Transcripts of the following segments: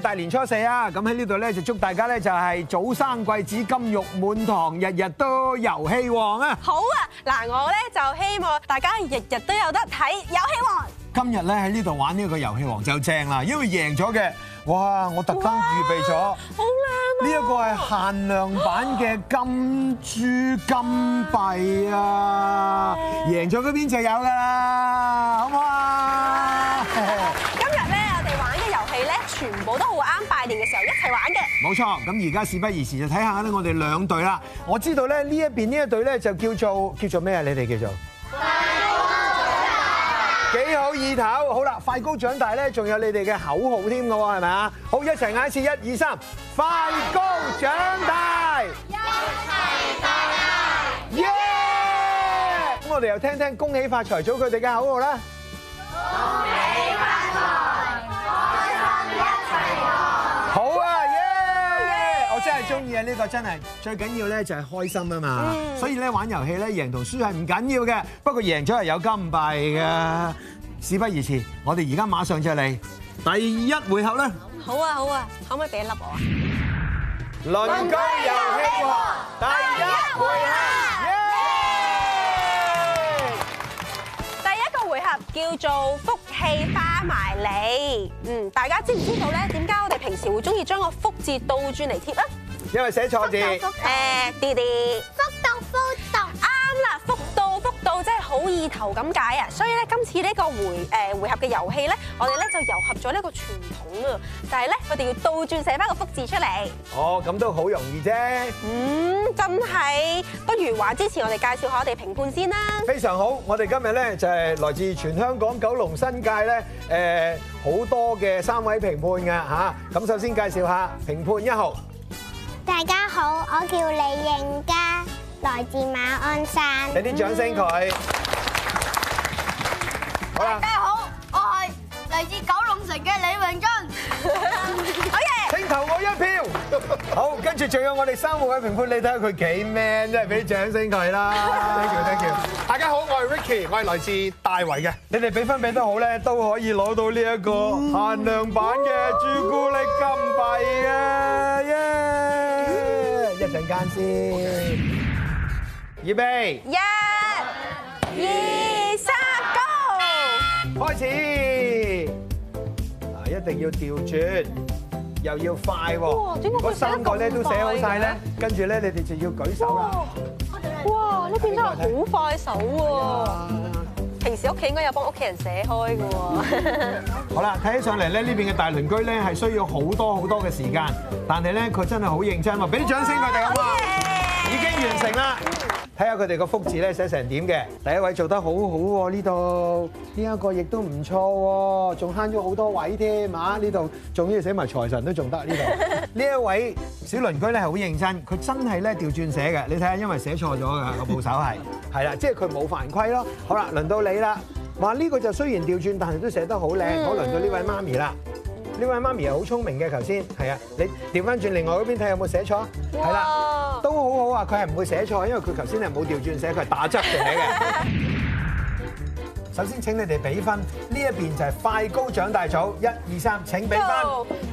大年初四啊，咁喺呢度咧就祝大家咧就係早生貴子、金玉滿堂，日日都遊戲王啊！好啊，嗱我咧就希望大家日日都有得睇遊戲王。今日咧喺呢度玩呢個遊戲王就正啦，因為贏咗嘅，哇！我特登預備咗，好靚啊！呢一個係限量版嘅金珠金幣啊，贏咗嗰邊就有㗎啦，好唔好啊？我都好啱拜年嘅時候一齊玩嘅，冇錯。咁而家事不宜遲，就睇下咧，我哋兩隊啦。我知道咧呢一邊呢一隊咧就叫做叫做咩啊？你哋叫做快高長大，大，幾好意頭。好啦，快高長大咧，仲有你哋嘅口號添㗎喎，係咪啊？好，一齊嗌一次，一二三，快高長大，一齊長大，耶！咁我哋又聽聽恭喜發財組佢哋嘅口號啦，恭喜發。真係中意啊！呢個真係最緊要咧就係開心啊嘛，所以咧玩遊戲咧贏同輸係唔緊要嘅，不過贏咗係有金幣嘅。事不宜遲，我哋而家馬上就嚟第一回合啦！好啊好啊，可唔可以俾一粒我啊？鄰居遊戲王，第一回合，第一個回合叫做福氣返埋嚟。嗯，大家知唔知道咧？點解我哋平時會中意將個福字倒轉嚟貼啊？因為寫錯字，誒啲啲，福到福到，啱啦！福到福到，福福福真係好意頭咁解啊！所以咧，今次呢個回誒回合嘅遊戲咧，我哋咧就糅合咗呢個傳統啊！但係咧，佢哋要倒轉寫翻個福字出嚟。嗯。哦，咁都好容易啫。嗯，真係。不如話之前我哋介紹一下我哋評判先啦。非常好，我哋今日咧就係來自全香港九龍新界咧誒好多嘅三位評判嘅吓，咁首先介紹一下評判一號。大家好，我叫李應嘉，來自馬鞍山。俾啲掌聲佢。好啦。大家好，我係嚟自九龍城嘅李永俊。好嘢。請投我一票。好，跟住仲有我哋三號嘅評判，你睇下佢幾 man，真係俾啲掌聲佢啦。thank you thank you。大家好，我係 Ricky，我係來自大圍嘅。你哋俾分俾得好咧，都可以攞到呢一個限量版嘅朱古力金幣嘅。一陣間先，預備，一、二、三、go，開始。嗱，一定要調轉，又要快喎。嗰三個咧都寫好晒咧，跟住咧你哋就要舉手啦。哇，呢邊真係好快手喎！其實屋企應該有幫屋企人寫開㗎喎。好啦，睇起上嚟咧，呢邊嘅大鄰居咧係需要好多好多嘅時間，但係咧佢真係好認真喎，俾啲掌聲佢哋啊嘛，好好已經完成啦。睇下佢哋個福字咧寫成點嘅？第一位做得好好喎，呢度呢一個亦都唔錯喎，仲慳咗好多位添嘛？呢度仲要寫埋財神都仲得。呢度呢一位小鄰居咧係好認真，佢真係咧調轉寫嘅。你睇下，因為寫錯咗㗎個部首係係啦，即係佢冇犯規咯。好啦，輪到你啦。話呢個就雖然調轉，但係都寫得好靚。我輪到呢位媽咪啦。呢位媽咪又好聰明嘅，頭先係啊，你調翻轉另外嗰邊睇有冇寫錯？係啦。都好好啊！佢係唔會寫錯，因為佢頭先係冇調轉寫，佢係打側寫嘅。首先請你哋比分，呢一邊就係快高長大組，一二三，請比分。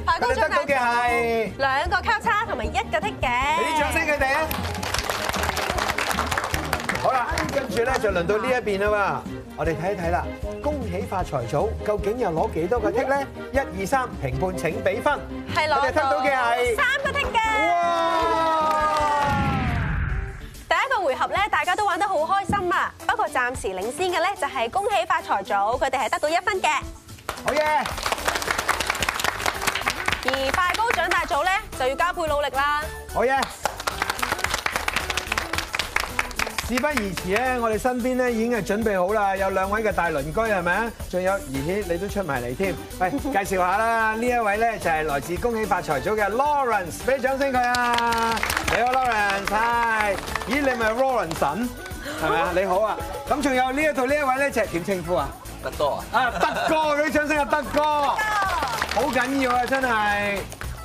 快高長大組。我哋得到嘅係兩個交叉同埋一個剔嘅。俾啲掌聲佢哋啊！好啦，跟住咧就輪到呢一邊啦嘛，我哋睇一睇啦。恭喜發財組，究竟又攞幾多個剔咧？一二三，評判請比分。係咯。我哋得到嘅係三個剔嘅。合咧，大家都玩得好開心啊！不過暫時領先嘅咧，就係恭喜發財組，佢哋係得到一分嘅。好嘢！而快高長大組咧，就要加倍努力啦。好嘢！事不宜遲咧，我哋身邊咧已經係準備好啦，有兩位嘅大鄰居係咪啊？仲有兒且你都出埋嚟添。喂，介紹下啦，呢一位咧就係來自恭喜發財組嘅 Lawrence，俾掌聲佢啊！你好 Lawrence，嗨！咦，你咪 Lawrence 神係咪啊？你好啊！咁仲有呢一度呢一位咧就係點稱呼啊？德哥啊！啊，德哥，俾你掌聲啊，德哥！好緊要啊，真係！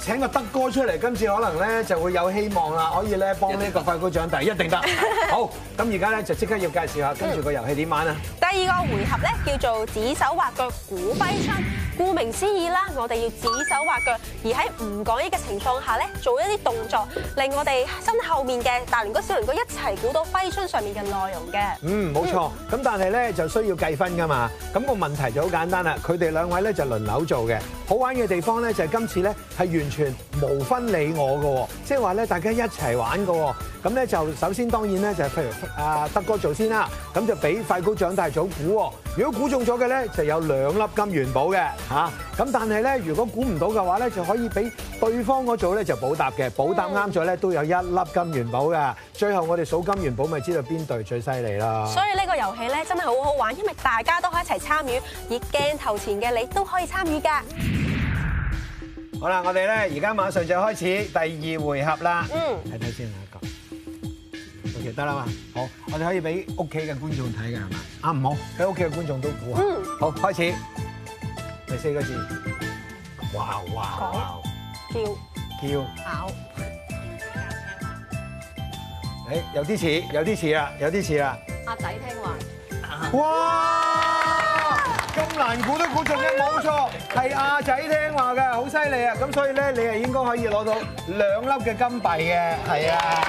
請個德哥出嚟，今次可能咧就會有希望啦，可以咧幫呢個快高長大，一定得。好，咁而家咧就即刻要介紹下，跟住個遊戲點玩啊？第二個回合咧叫做指手畫腳估揮春，顧名思義啦，我哋要指手畫腳，而喺唔講嘢嘅情況下咧，做一啲動作，令我哋身後面嘅大連哥小龍哥一齊估到揮春上面嘅內容嘅。嗯，冇錯。咁但係咧就需要計分㗎嘛。咁個問題就好簡單啦，佢哋兩位咧就輪流做嘅。好玩嘅地方咧就係今次咧係完全。無分你我嘅，即係話咧，大家一齊玩嘅，咁咧就首先當然咧就係譬如阿德哥做先啦，咁就俾快高長大組估，如果估中咗嘅咧就有兩粒金元寶嘅，吓，咁但係咧如果估唔到嘅話咧就可以俾對方嗰組咧就補答嘅，補答啱咗咧都有一粒金元寶嘅，最後我哋數金元寶咪知道邊隊最犀利啦。所以呢個遊戲咧真係好好玩，因為大家都可以一齊參與，而鏡頭前嘅你都可以參與噶。好啦，我哋咧而家馬上就開始第二回合啦。嗯，睇睇先下一個，OK 得啦嘛。好，我哋可以俾屋企嘅觀眾睇嘅係嘛？啊唔好，俾屋企嘅觀眾都估啊。嗯，好，開始。第四個字。哇哇！叫叫咬。誒，有啲似，有啲似啦，有啲似啦。阿仔聽話。哇！咁難估都估中咧，冇錯，係阿仔聽話嘅，好犀利啊！咁所以咧，你係應該可以攞到兩粒嘅金幣嘅，係啊，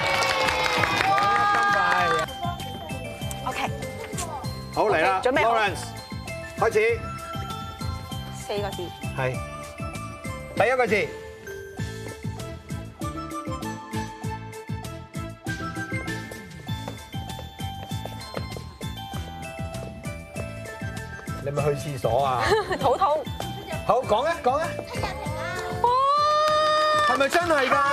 兩粒金幣。OK，好嚟啦，準備啦，開始，四個字，係，第一個字。係咪去廁所啊？肚痛。好，講咧，講啊是不是？哇！係咪真係噶？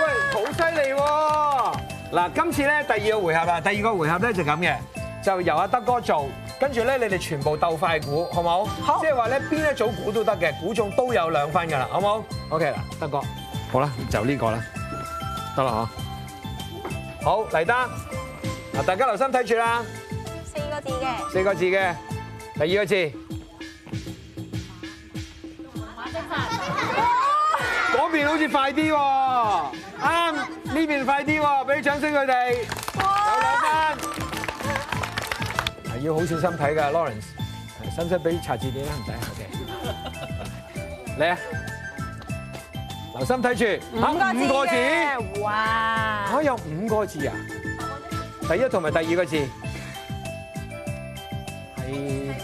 喂，好犀利喎！嗱，今次咧第二個回合啊，第二個回合咧就咁嘅，就由阿德哥做，跟住咧你哋全部鬥快估，好冇？好。即係話咧邊一組估都得嘅，估中都有兩分噶啦，好冇？OK 啦，德哥。好啦，就呢個啦，得啦吓。好，嚟得。嗱，大家留心睇住啦。四個字嘅。四個字嘅。第二個字邊快，嗰邊好似快啲喎，啱呢邊快啲喎，俾掌聲佢哋，有兩分，係要好小心睇㗎。Lawrence 使唔使俾查字典唔睇下 OK 你啊，留心睇住，五個字，哇啊，啊有五個字啊，第一同埋第二個字。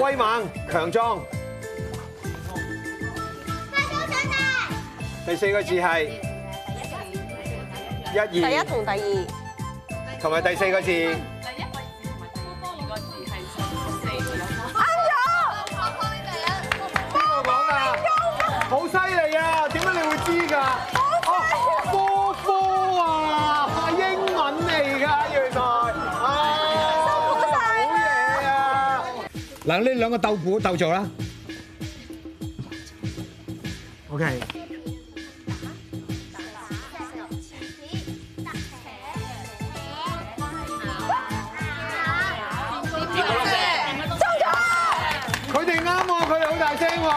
威猛，強壯！快高長大！第四個字係？第一，第二！第一，第二！第四個字！第一，第二！第四個字係？四個字！冇咗！好犀利啊！點解你會知㗎? mamed mamed revenge mám 兩個鬥鼓鬥做啦，OK。掂佢哋啱喎，佢哋好大聲喎。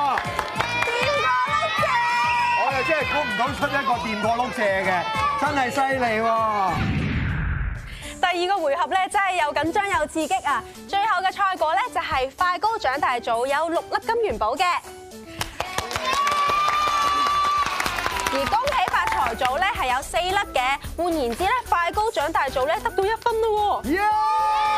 我哋真係估唔到出一個掂過碌蔗嘅，真係犀利喎！第二個回合咧，真係又緊張又刺激啊！我嘅賽果咧就係快高長大組有六粒金元寶嘅，而恭喜發財組咧係有四粒嘅，換言之咧，快高長大組咧得到一分啦喎。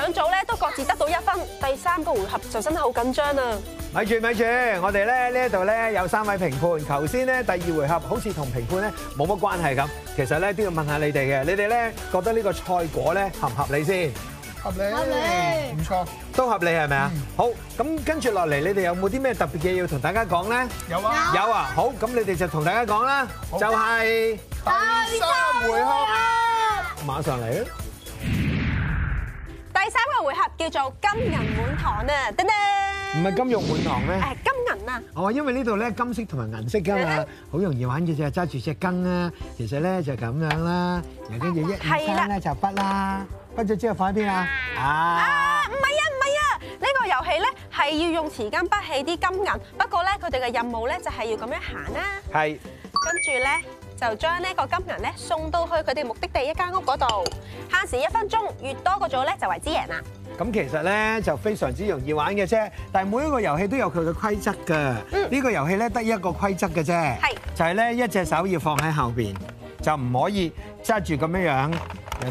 兩組咧都各自得到一分，第三個回合就真係好緊張啊！咪住咪住，我哋咧呢一度咧有三位評判，頭先咧第二回合好似同評判咧冇乜關係咁，其實咧都要問下你哋嘅，你哋咧覺得呢個賽果咧合唔合理先？合理，合理，唔錯，都合理係咪啊？好，咁跟住落嚟，你哋有冇啲咩特別嘅要同大家講咧？有啊，有啊，好，咁你哋就同大家講啦，就係第三回合，馬上嚟啦！三個回合叫做金銀滿堂啊！叮叮，唔係金玉滿堂咩？誒，金銀啊！哦，因為呢度咧金色同埋銀色噶嘛，好容易玩嘅就係揸住隻羹啦。其實咧就咁樣啦，然後跟住一二三咧就筆啦，筆咗之後放喺邊啊？啊啊唔係啊，唔係啊！呢個遊戲咧係要用匙羹筆起啲金銀，不過咧佢哋嘅任務咧就係要咁樣行啦。係，跟住咧。就將呢個金銀咧送到去佢哋目的地一間屋嗰度，限時一分鐘，越多個組咧就為之贏啦。咁其實咧就非常之容易玩嘅啫，但係每一個遊戲都有佢嘅規則噶。呢個遊戲咧得一個規則嘅啫，係就係咧一隻手要放喺後邊，就唔可以揸住咁樣樣，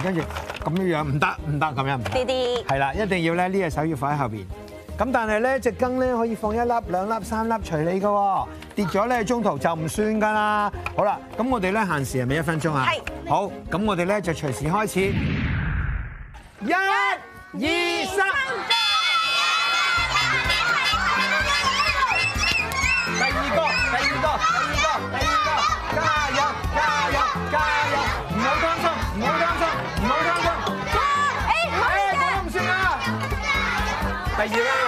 跟住咁樣樣唔得唔得，咁樣唔得。啲啲，係啦，一定要咧呢隻手要放喺後邊。咁但係咧，隻羹咧可以放一粒、兩粒、三粒，隨你噶喎。跌咗咧，中途就唔算噶啦。好啦，咁我哋咧限時係咪一分鐘啊？係。好，咁我哋咧就隨時開始。一、二、三。第二個，第二個，第二個，第二個，加油，加油，加油！唔好擔心，唔好擔心，唔好擔心。哎，我都唔算啦。第二。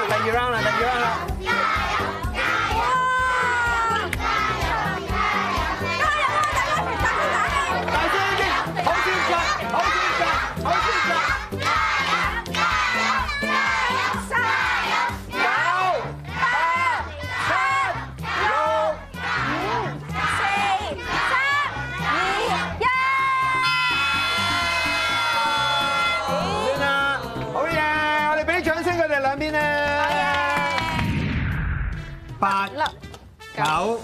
九、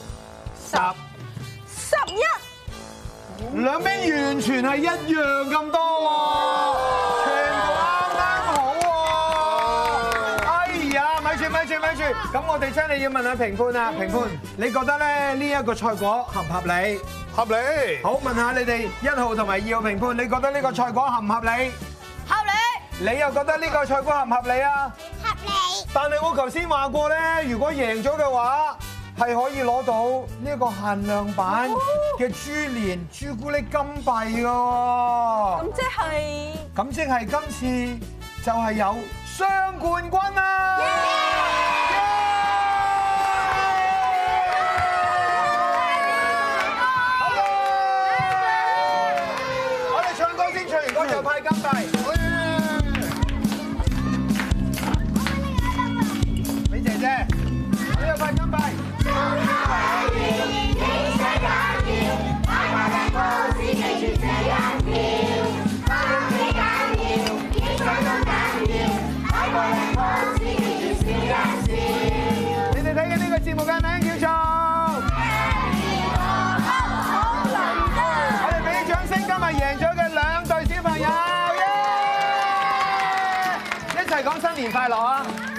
十、十一，兩邊完全係一樣咁多，全部啱啱好喎。哎呀，咪住咪住咪住，咁我哋真係要問下評判啊！評判，你覺得咧呢一個賽果合唔合理？合理。好，問下你哋一號同埋二號評判，你覺得呢個賽果合唔合理？合理。你又覺得呢個賽果合唔合理啊？合理。但係我頭先話過咧，如果贏咗嘅話。係可以攞到呢個限量版嘅豬年朱古力金幣嘅喎，就是，咁即係，咁即係今次就係有雙冠軍啦！我哋唱歌先，唱完歌就派金幣。你快了啊！